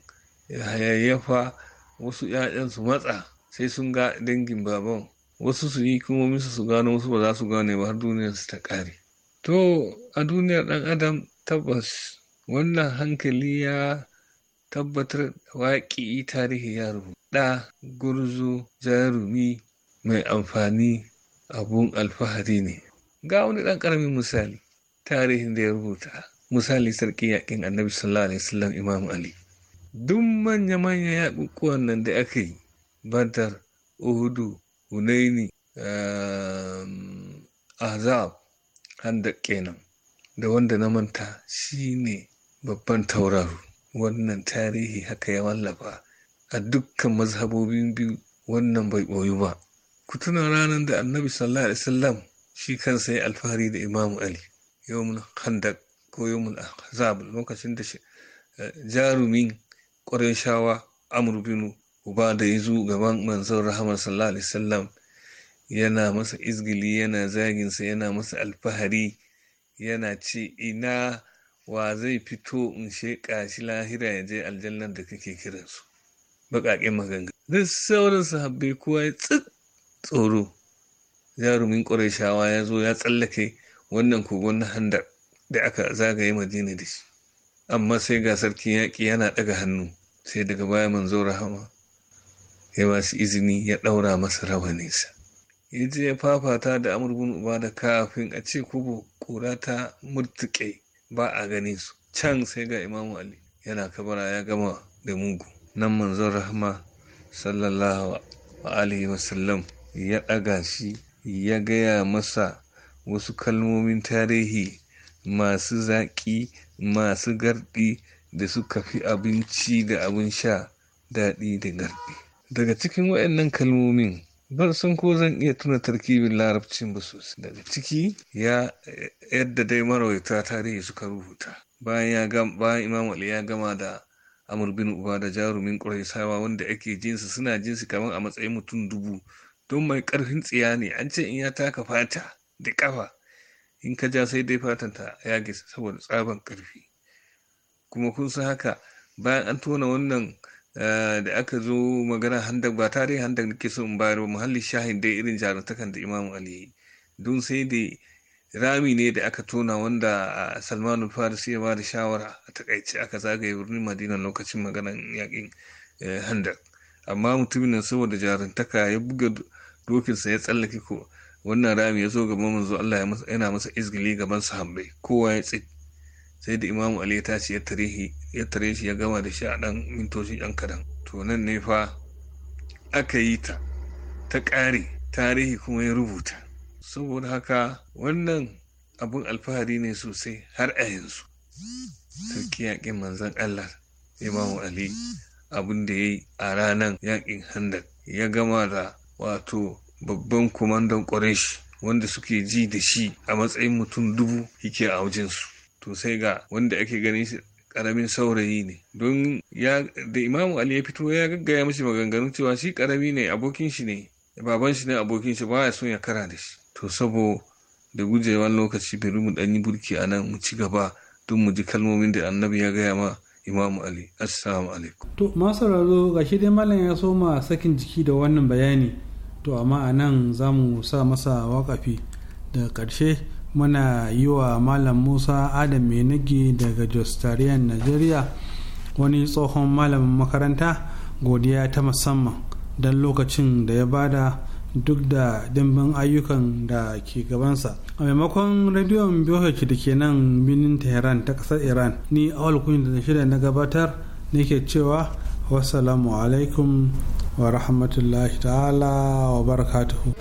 ya hayayyafa wasu 'ya'yan su matsa sai sun ga dangin baban wasu su yi kuma su gano wasu ba za su gane ba har duniyar su ta ƙare to a duniyar ɗan adam tabbas wannan hankali ya tabbatar waƙi tarihi ya rubuta Da gurzu jarumi mai amfani abun alfahari ne ga wani ɗan ƙaramin misali tarihin da ya rubuta misali sarki yakin annabi sallallahu alaihi wasallam imam ali duk manya manya yaƙuƙuwan nan da aka yi badar uhudu hunaini um, azab handa kenan da wanda na manta shine babban tauraro wannan tarihi haka ya wallafa a dukkan mazhabobin biyu wannan bai ɓoyu ba ku tuna ranar da annabi sallallahu alaihi wasallam shi kansa ya alfahari da Imam ali yawon handak ko yawon azab lokacin da jarumin ƙwarin shawa amur binu uba da ya zo gaban manzon rahama sallallahu alaihi wasallam yana masa izgili yana zaginsa yana masa alfahari yana ce ina wa zai fito in sheƙa shi lahira ya je aljannar da kake kiransu baƙaƙen maganga duk sauran sahabbai kowa ya tsoro jarumin ƙwarai shawa ya zo ya tsallake wannan kogon na handar da aka zagaye madina da shi amma sai ga sarkin yaƙi yana ɗaga hannu sai daga baya manzo rahama ya ba shi izini ya ɗaura masa rawaninsa ya je ya fafata da amurbin uba da kafin a ce kubo ƙura ta murtuƙe ba a ganin su can sai ga imamu ali yana kabara ya gama da mugu nan manzon rahama sallallahu alaihi wasallam ya ɗaga shi ya gaya masa wasu kalmomin tarihi masu zaƙi masu garɗi da suka fi abinci da abin sha daɗi da garɗi daga cikin waɗannan kalmomin ban san ko zan iya tuna tarkibin larabcin ba sosai daga ciki ya yadda dai marawaita tarihi suka rubuta bayan ya bayan imam ali ya gama da amur bin uba da jarumin ƙuraisawa wanda ake jinsi suna jinsi kamar a matsayin mutum dubu don mai ƙarfin tsiya ne an ce in ya taka fata da ƙafa in ka ja sai dai fatanta, ta gisa saboda tsaban ƙarfi kuma kun san haka bayan an tona wannan eh, da aka zo magana handak ba tare handak nake so in bayar ba muhalli shahin dai irin jarumtakan da imam ali don sai dai rami ne da aka tona wanda eh, salmanu farisi ya ba da shawara a takaice aka zagaye birnin madina lokacin maganan yakin eh, handak amma mutumin saboda jarumtaka ya buga dokinsa ya tsallake ko wannan rami ya zo gaba manzo Allah yana masa izgili gaban hambai kowa ya tsit sai da imamu ali ya tashi ya tare shi ya gama da shi a ɗan mintoci yan kadan to nan ne fa aka yi ta ta ƙare tarihi kuma ya rubuta saboda haka wannan abun alfahari ne sosai har a yanzu sarki yaƙin manzan Allah imamu ali abin da ya yi a ranar yaƙin handal ya gama da wato babban kwamandan ƙwareshi wanda suke ji da shi a matsayin mutum dubu yake a wajensu to sai ga wanda ake ganin shi karamin saurayi ne don ya da imamu ali ya fito ya gaggaya mashi maganganun cewa shi karami ne abokin shi ne baban shi ne abokin shi baya son ya kara da shi to sabo da gujewan lokaci bari mu dan yi burki a nan mu ci gaba don mu ji kalmomin da annabi ya gaya ma imamu ali assalamu alaikum to masu sauraro gashi dai malam ya soma sakin jiki da wannan bayani to amma a nan za mu sa masa wakafi daga ƙarshe muna yi wa malam musa adam menage daga jostarian nigeria wani tsohon malamin makaranta godiya ta musamman don lokacin da ya bada duk da dimbin ayyukan da ke gabansa a maimakon rediyon bihoci da ke nan binin tehran ta ƙasar iran ni awal kun da shida na gabatar nake cewa wasu alaikum wa rahmatullahi ta'ala wa barakatuhu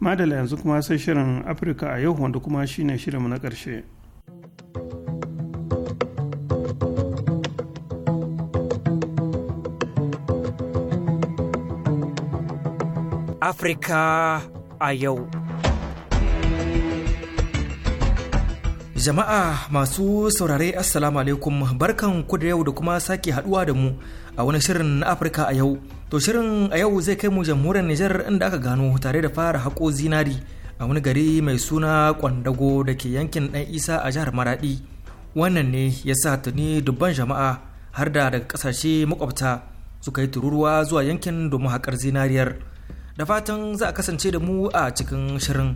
madala yanzu kuma sai shirin afirka a yau wanda kuma shine shirinmu na ƙarshe Afrika a yau. Jama'a masu saurare Assalamu alaikum barkan ku da yau da kuma sake haduwa da mu a wani shirin na afrika a yau. To shirin a yau zai kai mu jamhuriyar Nijar inda aka gano tare da fara haƙo zinari a wani gari mai suna Kwandago da ke yankin ɗan Isa a jihar Maradi. Wannan ne ya sa tuni dubban jama'a har da daga ƙasashe makwabta suka yi tururuwa zuwa yankin domin haƙar zinariyar. da fatan za a kasance da mu a cikin shirin.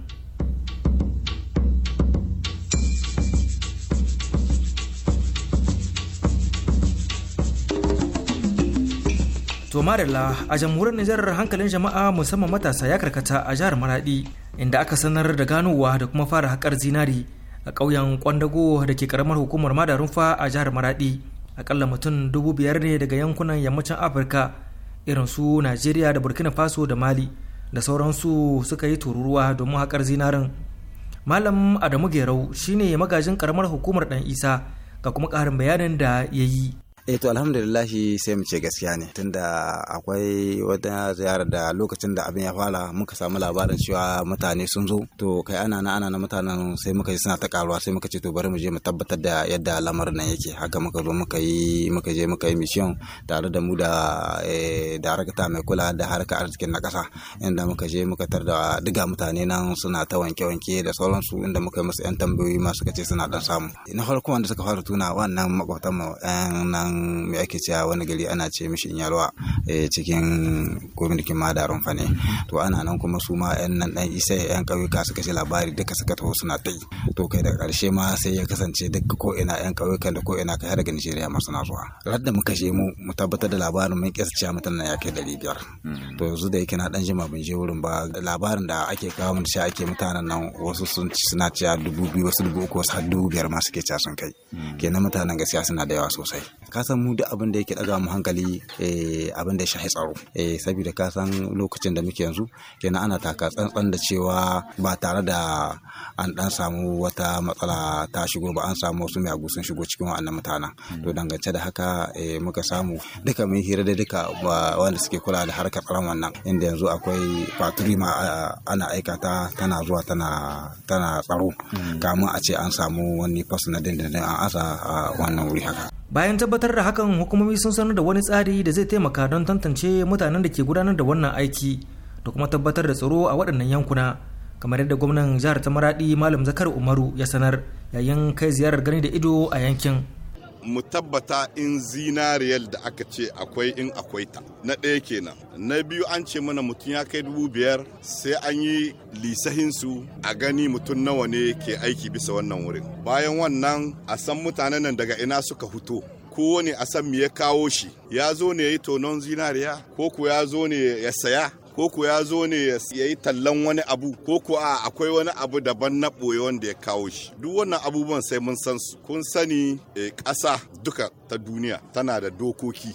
To Marilla a jamhuriyar Nijar hankalin jama'a musamman matasa ya karkata a jihar Maradi inda aka sanar da ganowa da kuma fara haƙar zinari a ƙauyen Kwandago da ke ƙaramar hukumar Madarunfa a jihar Maradi. Akalla mutum dubu biyar ne daga yankunan yammacin Afirka irin su najeriya da burkina faso da mali da sauransu suka yi tururuwa domin haƙar zinarin malam adamu gerau shine magajin karamar hukumar dan isa ga kuma ƙarin bayanin da ya yi eh to alhamdulillahi sai mu ce gaskiya ne tunda akwai wata ziyara da lokacin da abin ya fara muka samu labarin cewa mutane sun zo to kai ana na ana na mutanen sai muka ji suna ta karuwa sai muka ce to bari mu je mu tabbatar da yadda lamarin nan yake haka muka zo muka yi muka je muka yi mission tare da mu da eh, darakta mai kula da harkar arzikin na kasa inda muka je muka tar da diga mutane nan suna ta wanke wanke da sauransu inda muka yi musu yan tambayoyi masu kace suna dan samu na farko wanda suka fara tuna wannan makwatan mu nan wannan me ake cewa wani gari ana ce mishi yarwa eh, cikin gwamnatin madarun fa ne to ana nan kuma su ma yan nan dan isa yan kauyuka suka ji labari duka suka taho suna tai to kai daga karshe ma sai ya kasance duk ko ina yan ƙauyukan da ko ina kai har daga Nijeriya ma suna zuwa radda muka je mu tabbatar da labarin mun kisa cewa mutan nan ya kai dari biyar mm. to yanzu da yake na dan jima ban je wurin ba labarin da ake kawo mun sha ake mutanen nan wasu sun suna cewa dubu biyu wasu dubu uku wasu har dubu biyar ma suke cewa sun kai mm. kenan mutanen gaskiya suna da yawa sosai ka ka san mu duk abin da yake daga mu hankali eh, abin da ya shahi tsaro eh, saboda ka san lokacin da muke yanzu kenan ana taka tsantsan da cewa ba tare da an dan samu wata matsala ta shigo ba an samu wasu miyagu sun shigo cikin wa'annan mutanen to dangance da haka eh, muka samu duka mun hira da duka wanda suke kula da harkar tsaron wannan inda yanzu akwai faturi ma ana aika ta tana zuwa tana tana tsaro hmm. kamun a ce an samu wani fas na dindindin an asa wannan wuri haka bayan tabbatar da hakan hukumomi sun sanar da wani tsari da zai taimaka don tantance mutanen da ke gudanar da wannan aiki da kuma tabbatar da tsaro a waɗannan yankuna kamar yadda gwamnan jihar ta maradi malam zakar umaru ya sanar yayin kai ziyarar gani da ido a yankin mu tabbata in zinariyar da aka ce akwai in akwai ta na ɗaya kenan na biyu an ce mana mutum ya kai dubu biyar sai an yi lisahinsu a gani mutum nawa ne ke aiki bisa wannan wurin bayan wannan a san mutanen nan daga ina suka fito kowane a san me ya kawo shi ya zo ne ya yi tonon zinariya ko ku ya zo ne ya saya ko ko ya zo ne ya yi tallan wani abu ko ko a akwai wani abu daban na ɓoye wanda ya kawo shi duk wannan abubuwan sai mun san su kun sani eh, ƙasa duka ta duniya tana da dokoki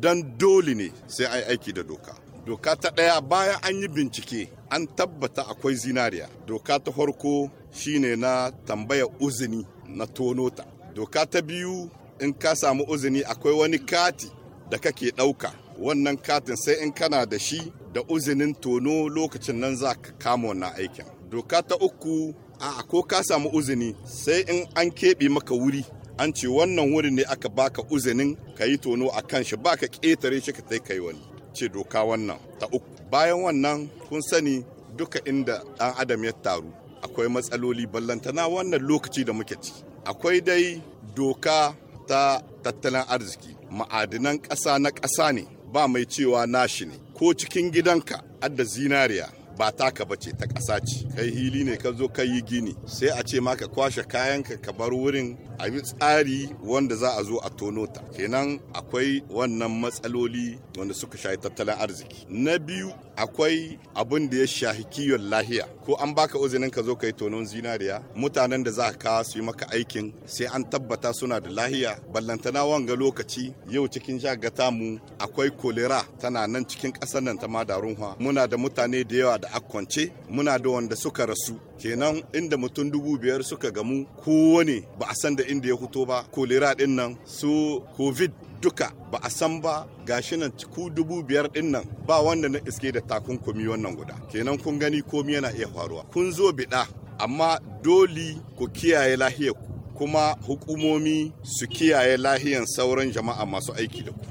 don dole ne sai an aiki da doka doka ta ɗaya bayan an yi bincike an tabbata akwai zinariya doka ta farko shine na tambaya uzini na tonota doka ta biyu in ka samu uzini akwai wani kati da kake ɗauka wannan katin sai in kana da shi da uzinin tono lokacin nan za ka kama wannan aikin doka ta uku a ko ka samu uzini sai in an keɓe maka wuri an ce wannan wuri ne aka baka uzinin ka yi tono a kan shi baka ƙetare shi ka tai kai wani ce doka wannan ta uku bayan wannan kun sani duka inda ɗan adam ya taru akwai matsaloli ballantana wannan lokaci da muke ci akwai dai doka ta tattalin arziki ma'adinan ƙasa na ƙasa ne ba mai cewa nashi ne ko cikin gidanka adda zinariya ba taka ba ce ta ƙasa ce kai hili ne ka zo ka yi gini sai a ce ma ka kwashe kayanka ka bar wurin a bi tsari wanda za a zo a tono ta kenan akwai wannan matsaloli wanda suka shahi tattalin arziki na biyu akwai abin da ya shahi kiwon lahiya ko an baka uzinin ka zo ka yi tonon zinariya mutanen da za ka su yi maka aikin sai an tabbata suna da lahiya ballantana wanga lokaci yau cikin shagata mu akwai kolera tana nan cikin ƙasar nan ta ma madarunwa muna da mutane da yawa da akwance muna da wanda suka rasu kenan inda mutum dubu biyar suka gamu kowane ba a san da inda ya fito ba kolera din nan su covid duka ba a san ba gashi nan ku dubu biyar din nan ba wanda na iske da takunkumi wannan guda kenan kun gani komi yana iya faruwa kun zo biɗa amma dole ku kiyaye lahiyar kuma hukumomi su kiyaye lahiyan sauran jama'a masu aiki da ku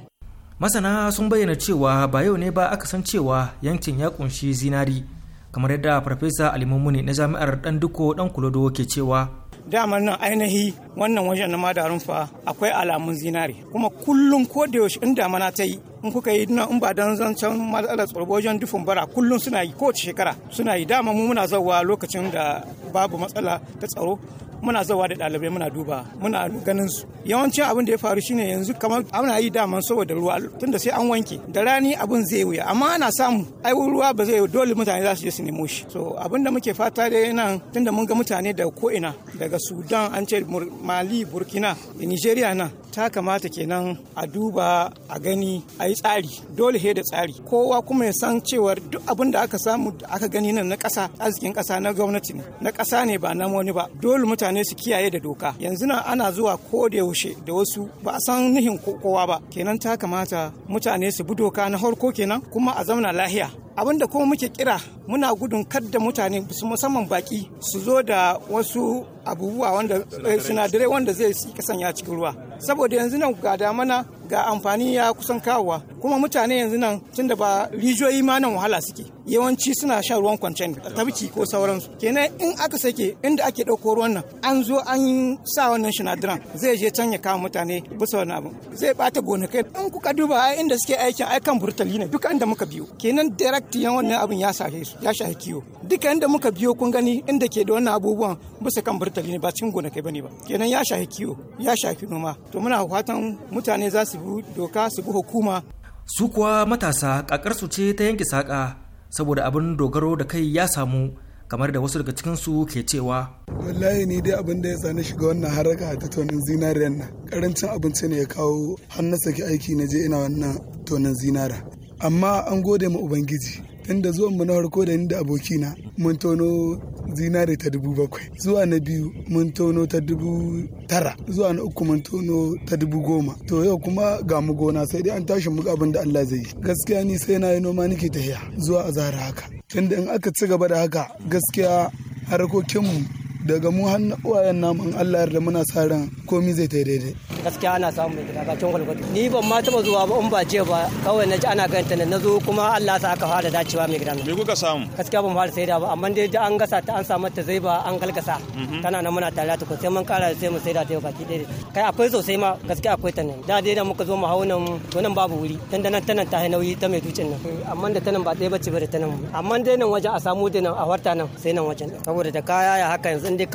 masana sun bayyana cewa ba yau ne ba aka san cewa yankin ya kunshi zinari kamar yadda farfesa alimumuni na jami'ar dan duko dan kulodo ke cewa daman nan ainihi wannan wajen na madarun fa akwai alamun zinari kuma kullum ko da yaushe in damana ta yi in kuka yi nan in ba dan zancen matsalar tsaro wajen dufin bara kullum suna yi kowace shekara suna yi dama mu muna zawa lokacin da babu matsala ta tsaro muna zawa da dalibai muna duba muna ganin su yawancin abin da ya faru shine yanzu kamar ana yi dama saboda ruwa tunda sai an wanke da rani abin zai wuya amma ana samu ai ruwa ba zai dole mutane za su je su nemo shi so abin da muke fata da nan tunda mun ga mutane da ko ina daga Sudan an ce Mali Burkina da Nigeria nan ta kamata kenan a duba a gani a a yi tsari dole he da tsari kowa kuma ya san cewa duk abin da aka samu da aka gani nan na kasa arzikin ƙasa na gwamnati ne na kasa ne ba na wani ba dole mutane su kiyaye da doka yanzu nan ana zuwa ko da yaushe da wasu ba a san nihin kowa ba kenan ta kamata mutane su bi doka na harko kenan kuma a zauna lahiya abinda kuma muke kira muna gudun kadda mutane su musamman baki su zo da wasu abubuwa wanda eh, sinadarai wanda zai kasanya cikin ruwa saboda yanzu nan ga damana ga amfani ya kusan kawowa kuma mutane yanzu nan tunda ba rijiyoyi ma nan wahala suke yawanci suna shan ruwan kwancen tabki ko sauransu kenan in aka sake inda ake ɗauko ruwan nan an zo an sa wannan sinadaran zai je can ya kawo mutane bisa wani abu zai bata gonakai in kuka duba inda suke aikin aikan burtali ne duk inda muka biyo kenan direct tiyan wannan abin ya shahe su ya kiwo duka inda muka biyo kun gani inda ke da wannan abubuwan bisa kan burtali ne ba cikin gonakai bane ba kenan ya shahe kiwo ya shafi noma to muna fatan mutane za su bi doka su bi hukuma su kuwa matasa kakar su ce ta yanke saka saboda abin dogaro da kai ya samu kamar da wasu daga cikin su ke cewa wallahi ni dai abin da ya sani shiga wannan haraka a tattaunin zinariyar nan karancin abinci ne ya kawo har na saki aiki na je ina wannan tonin zinara amma an gode ma ubangiji inda zuwan mu na farko da ni da abokina mun tono zinare ta dubu bakwai zuwa na biyu mun tono ta dubu tara zuwa na uku mun tono ta dubu goma to yau kuma ga mu gona sai dai an tashi mu abin da Allah zai yi gaskiya ni sai na yi noma nake tafiya zuwa a zara haka tunda in aka ci gaba da haka gaskiya harkokinmu daga mu har uwayen namu in Allah yarda muna sa ran komai zai ta daidai gaskiya ana samu daga gwalgwado ni ban ma taba zuwa ba in ba je ba kawai na ji ana ganta ne na zo kuma Allah ya sa aka fara dacewa mai gidan me kuka samu gaskiya ban fara saida ba amma dai da an gasa ta an samu ta zai ba an galgasa mhm. tana nan muna tare ta ko sai mun kara sai mu saida ta yau baki daidai kai akwai sosai ma gaskiya akwai ta nan da dai da muka zo mu hauna nan to nan babu wuri dan da nan ta nan ta nauyi ta mai ducin nan amma da ta nan ba ɗaya bace ba da ta nan amma dai nan waje a samu da nan a warta nan sai nan wajen saboda da kaya ya haka yanzu dai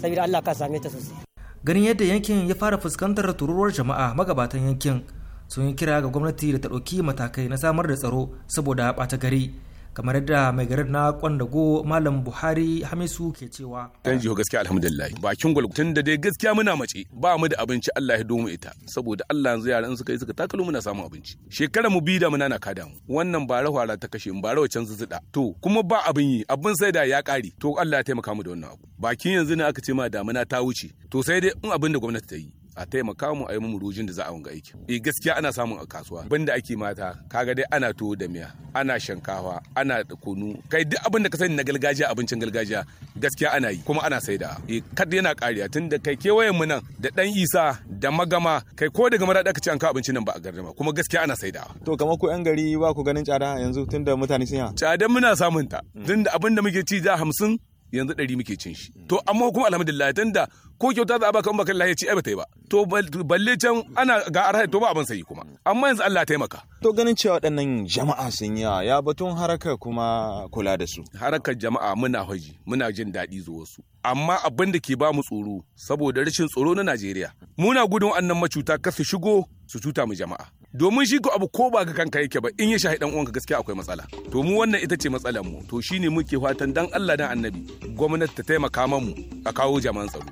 saboda Allah ka same ta sosai ganin yadda yankin ya fara fuskantar tururuwar jama'a magabatan yankin sun yi kira ga gwamnati da ta ɗauki matakai na samar da tsaro saboda ɓata gari kamar da mai garin na kwandago malam buhari hamisu ke cewa dan jiho gaskiya alhamdulillah bakin gwalgwatun da dai gaskiya muna mace ba mu da abinci Allah ya domu ita saboda Allah yanzu yaran suka yi suka takalo muna samun abinci shekara mu bi da muna na kada mu wannan bara hwara ta kashe bara wacan zuzuda to kuma ba abin yi abin sai da ya kare to Allah ya taimaka mu da wannan abu bakin yanzu ne aka ce ma damuna ta wuce to sai dai in abin da gwamnati ta yi a taimaka mu a yi mu rujin da za a wanga aiki e eh, gaskiya ana samun a kasuwa banda ake mata kaga dai ana tuwo da miya ana shankawa ana da kunu kai duk abin da ka sani na gargajiya abincin gargajiya gaskiya ana yi kuma ana saida e kad yana kariya tunda kai kewayen mu nan da dan isa da magama kai ko daga mara da ka ci an ka abincin nan ba a gardama kuma gaskiya ana saida to kamar ku yan gari ba ku ganin tsada yanzu tunda mutane sun ya tsadan muna samun ta mm. tunda abin da muke ci da hamsin yanzu ɗari muke cin shi mm. to amma kuma alhamdulillah tunda ko kyauta za a baka in baka lahiya ya ci ba ta yi ba to balle can ana ga arha to ba abin sayi kuma amma yanzu Allah taimaka to ganin cewa waɗannan jama'a sun yi ya batun haraka kuma kula da su harakar jama'a muna haji muna jin daɗi zuwa su amma abin da ke ba mu tsoro saboda rashin tsoro na Najeriya muna gudun annan macuta ka su shigo su cuta mu jama'a domin shi ko abu ko ba ga kanka yake ba in ya shahi dan uwanka gaskiya akwai matsala to mu wannan ita ce matsalar mu to shine muke fatan dan Allah dan Annabi gwamnati ta taimaka mu a kawo jama'an tsaro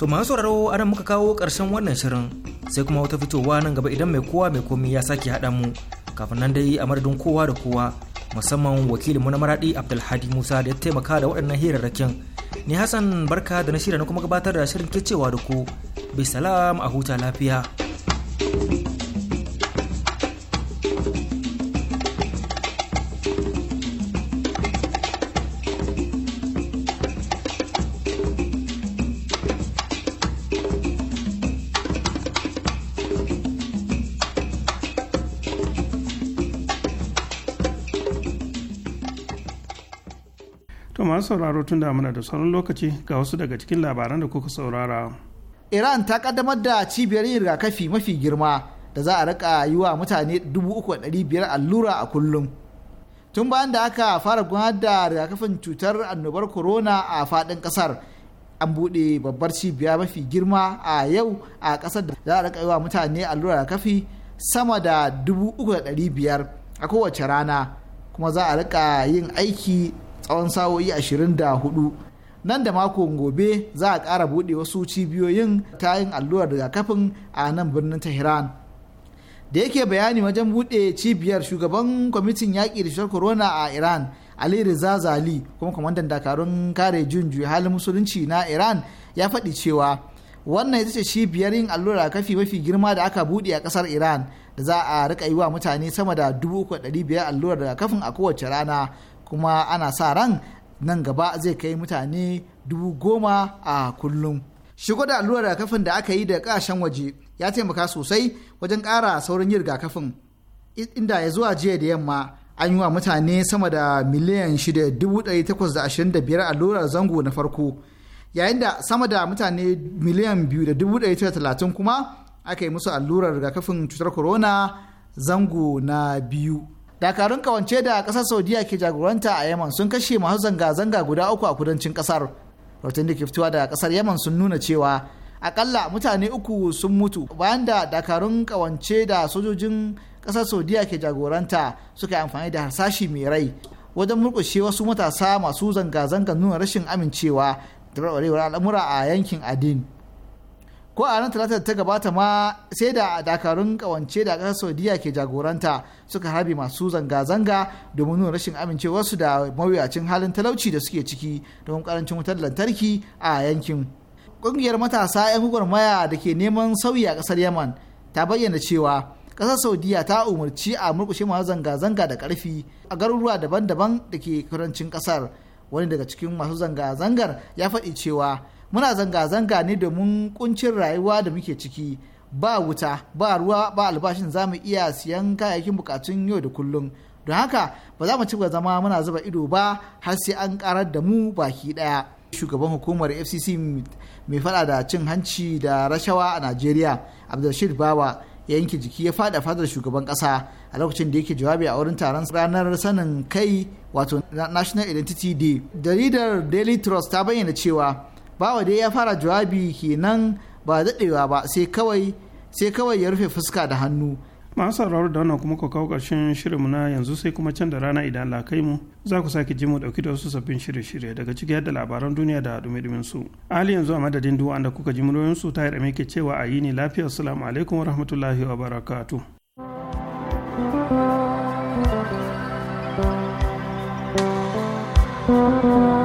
To masu sauraro anan muka kawo ƙarshen wannan shirin sai kuma wata fitowa nan gaba idan mai kowa mai komi ya sake haɗa mu kafin nan dai a madadin kowa da kowa musamman wakilinmu na maraɗi Abdulhadi Musa da ya taimaka da waɗannan hirarrakin. Ni Hassan barka da na shirya na kuma gabatar da shirin ke cewa da ku. Bisalam a huta lafiya. thank you masu sauraro tun damuna da sauran lokaci ga wasu daga cikin labaran da kuka saurara. Iran ta kaddamar da cibiyar yin rigakafi mafi girma da za a rika yi wa mutane 3,500 allura a kullum. Tun bayan da aka fara gudanar da rigakafin cutar annobar corona a faɗin ƙasar an buɗe babbar cibiya mafi girma a yau a ƙasar da za a rika yi wa mutane allura rigakafi sama da 3,500 a kowace rana kuma za a rika yin aiki tsawon sa'o'i hudu nan da mako gobe za a kara buɗe wasu cibiyoyin ta yin allurar rigakafin a nan birnin tehran da yake bayani wajen buɗe cibiyar shugaban kwamitin yaƙi da cutar corona a iran ali riza zali kuma kwamandan dakarun kare junju halin musulunci na iran ya faɗi cewa wannan ita ce cibiyar yin allurar kafi mafi girma da aka buɗe a ƙasar iran da za a rika yi wa mutane sama da 3,500 allurar kafin a kowace rana kuma ana sa ran nan gaba zai kai mutane dubu goma a kullum shigo da allurar rigakafin da aka yi da kasashen waje ya taimaka sosai wajen ƙara saurin yin rigakafin inda ya zuwa jiya da yamma an yi wa mutane sama da miliyan 6,825 allurar zango na farko yayin da sama da mutane miliyan 2,130 kuma aka yi musu allurar rigakafin cutar corona zango na biyu dakarun kawance da kasar saudiya ke jagoranta a yaman sun kashe masu zanga-zanga guda uku a kudancin kasar rahoton da ke fitowa daga kasar yaman sun nuna cewa akalla mutane uku sun mutu bayan da dakarun kawance da sojojin kasar saudiya ke jagoranta suka yi amfani da harsashi mai rai wajen murkushe wasu matasa masu zanga zanga nuna rashin amincewa da al'amura a yankin adin. ko a ranar talata ta gabata ma sai da dakarun kawance da ƙasar saudiya ke jagoranta suka harbe masu zanga-zanga domin nuna rashin amincewarsu da mawuyacin halin talauci da suke ciki domin karancin wutar lantarki a yankin ƙungiyar matasa 'yan gwagwarmaya da ke neman sauyi a ƙasar yaman ta bayyana cewa ƙasar saudiya ta umarci a murkushe masu zanga-zanga da ƙarfi a garuruwa daban-daban da ke kudancin ƙasar wani daga cikin masu zanga-zangar ya faɗi cewa muna zanga-zanga ne domin kuncin rayuwa da muke ciki ba wuta ba ruwa ba albashin za mu iya siyan kayayyakin bukatun yau da kullum don haka ba za mu ci zama muna zuba ido ba har sai an karar da mu baki daya shugaban hukumar fcc mai fada da cin hanci da rashawa a nigeria abdulrashid bawa ya yanke jiki ya fada fadar shugaban kasa a lokacin da yake jawabi a wurin taron ranar sanin kai wato national identity day jaridar daily trust ta bayyana cewa bawa dai ya fara jawabi kenan ba daɗewa ba sai kawai sai kawai ya rufe fuska da hannu masu sauraro da wannan kuma ku kawo ƙarshen shirinmu na yanzu sai kuma can da rana idan Allah kai mu za ku sake ji mu dauki da wasu sabbin shirye-shirye daga ciki yadda labaran duniya da dumi su ali yanzu a madadin duwa da kuka ji muryoyin su ta yi ke cewa a yi ne lafiya assalamu alaikum wa rahmatullahi wa barakatu. thank you